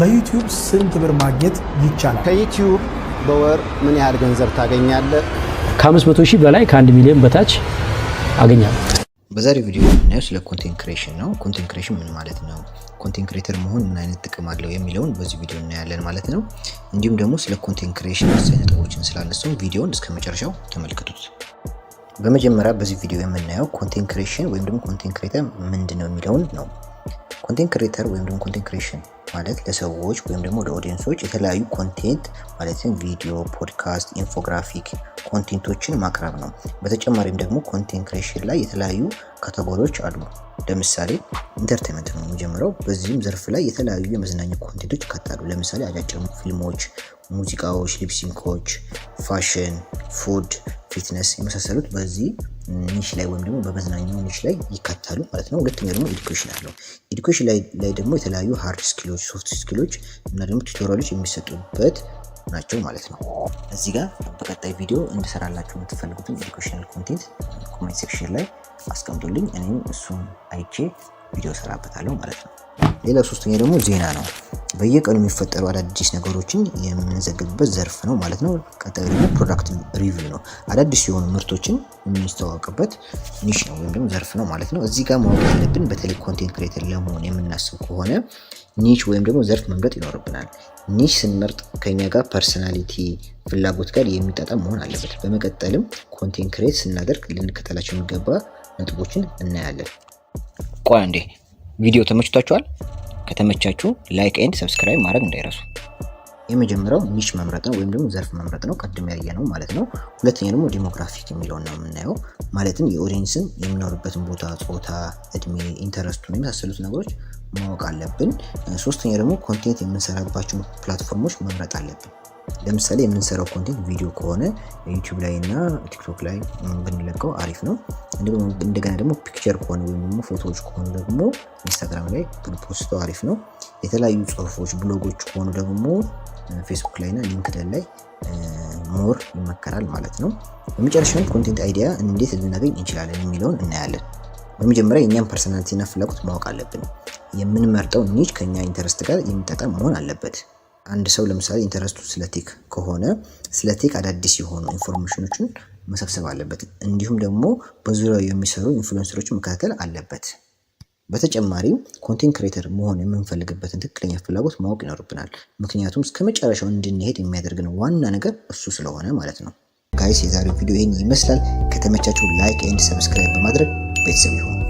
በዩቲዩብ ስንት ብር ማግኘት ይቻላል? ከዩቲዩብ በወር ምን ያህል ገንዘብ ታገኛለህ? ከ500 ሺህ በላይ ከ1 ሚሊዮን በታች አገኛለሁ። በዛሬው ቪዲዮ የምናየው ስለ ኮንቴንት ክሬሽን ነው። ኮንቴንት ክሬሽን ምን ማለት ነው፣ ኮንቴንት ክሬተር መሆን ምን አይነት ጥቅም አለው የሚለውን በዚህ ቪዲዮ እናያለን ማለት ነው። እንዲሁም ደግሞ ስለ ኮንቴንት ክሬሽን ወሳኝ ነጥቦችን ስላነሳው ቪዲዮውን እስከ መጨረሻው ተመልክቱት። በመጀመሪያ በዚህ ቪዲዮ የምናየው ኮንቴንት ክሬሽን ወይም ደግሞ ኮንቴንት ክሬተር ምንድን ነው የሚለውን ነው። ኮንቴንት ክሬተር ወይም ደግሞ ኮንቴንት ክሬሽን ማለት ለሰዎች ወይም ደግሞ ለኦዲየንሶች የተለያዩ ኮንቴንት ማለትም ቪዲዮ፣ ፖድካስት፣ ኢንፎግራፊክ ኮንቴንቶችን ማቅረብ ነው። በተጨማሪም ደግሞ ኮንቴንት ክሬሽን ላይ የተለያዩ ካተጎሪዎች አሉ። ለምሳሌ ኢንተርቴንመንት ነው የሚጀምረው። በዚህም ዘርፍ ላይ የተለያዩ የመዝናኛ ኮንቴንቶች ይካታሉ። ለምሳሌ አጫጭር ፊልሞች፣ ሙዚቃዎች፣ ሊፕሲንኮች፣ ፋሽን፣ ፉድ፣ ፊትነስ የመሳሰሉት በዚህ ኒሽ ላይ ወይም ደግሞ በመዝናኛው ኒሽ ላይ ይካታሉ ማለት ነው። ሁለተኛው ደግሞ ኤዱኬሽን አለው። ኤዱኬሽን ላይ ደግሞ የተለያዩ ሃርድ ስኪሎች፣ ሶፍት ስኪሎች እና ደግሞ ቱቶሪያሎች የሚሰጡበት ናቸው ማለት ነው። እዚህ ጋር በቀጣይ ቪዲዮ እንድሰራላችሁ የምትፈልጉትን ኤዱኬሽናል ኮንቴንት ኮሜንት ሴክሽን ላይ አስቀምጡልኝ። እኔም እሱን አይቼ ቪዲዮ ሰራበታለሁ ማለት ነው። ሌላው ሶስተኛ ደግሞ ዜና ነው። በየቀኑ የሚፈጠሩ አዳዲስ ነገሮችን የምንዘግብበት ዘርፍ ነው ማለት ነው። ቀጣዩ ደግሞ ፕሮዳክት ሪቪው ነው። አዳዲስ የሆኑ ምርቶችን የምንስተዋወቅበት ኒሽ ነው ወይም ደግሞ ዘርፍ ነው ማለት ነው። እዚህ ጋር ማወቅ ያለብን በተለይ ኮንቴንት ክሬተር ለመሆን የምናስብ ከሆነ ኒች ወይም ደግሞ ዘርፍ መምረጥ ይኖርብናል። ኒሽ ስንመርጥ ከኛ ጋር ፐርሰናሊቲ ፍላጎት ጋር የሚጣጣም መሆን አለበት። በመቀጠልም ኮንቴንት ክሬት ስናደርግ ልንከተላቸው የሚገባ ነጥቦችን እናያለን። ቆይ አንዴ፣ ቪዲዮ ተመችቷችኋል? ከተመቻችሁ ላይክ ኤንድ ሰብስክራይብ ማድረግ እንዳይረሱ። የመጀመሪያው ኒሽ መምረጥ ነው ወይም ደግሞ ዘርፍ መምረጥ ነው፣ ቀድም ያየ ነው ማለት ነው። ሁለተኛ ደግሞ ዲሞግራፊክ የሚለውን ነው የምናየው። ማለትም የኦዲየንስን የሚኖርበትን ቦታ፣ ጾታ፣ እድሜ፣ ኢንተረስቱን የመሳሰሉት ነገሮች ማወቅ አለብን። ሶስተኛ ደግሞ ኮንቴንት የምንሰራባቸውን ፕላትፎርሞች መምረጥ አለብን። ለምሳሌ የምንሰራው ኮንቴንት ቪዲዮ ከሆነ ዩቲዩብ ላይ እና ቲክቶክ ላይ ብንለቀው አሪፍ ነው። እንደገና ደግሞ ፒክቸር ከሆነ ወይም ደግሞ ፎቶዎች ከሆኑ ደግሞ ኢንስታግራም ላይ ፖስቶ አሪፍ ነው። የተለያዩ ጽሁፎች፣ ብሎጎች ከሆኑ ደግሞ ፌስቡክ ላይና ሊንክደን ላይ ሞር ይመከራል ማለት ነው። በመጨረሻም ኮንቴንት አይዲያ እንዴት ልናገኝ እንችላለን የሚለውን እናያለን። በመጀመሪያ የእኛም ፐርሰናሊቲና ፍላጎት ማወቅ አለብን። የምንመርጠው ኒች ከኛ ኢንተረስት ጋር የሚጠቀም መሆን አለበት። አንድ ሰው ለምሳሌ ኢንተረስቱ ስለቴክ ከሆነ ስለ ቴክ አዳዲስ የሆኑ ኢንፎርሜሽኖችን መሰብሰብ አለበት። እንዲሁም ደግሞ በዙሪያው የሚሰሩ ኢንፍሉዌንሰሮችን መከታተል አለበት። በተጨማሪም ኮንቴንት ክሬተር መሆን የምንፈልግበትን ትክክለኛ ፍላጎት ማወቅ ይኖርብናል። ምክንያቱም እስከ መጨረሻው እንድንሄድ የሚያደርግን ዋና ነገር እሱ ስለሆነ ማለት ነው። ጋይስ የዛሬው ቪዲዮ ይህን ይመስላል። ከተመቻችሁ ላይክ ኤንድ ሰብስክራይብ በማድረግ ቤተሰብ ይሆን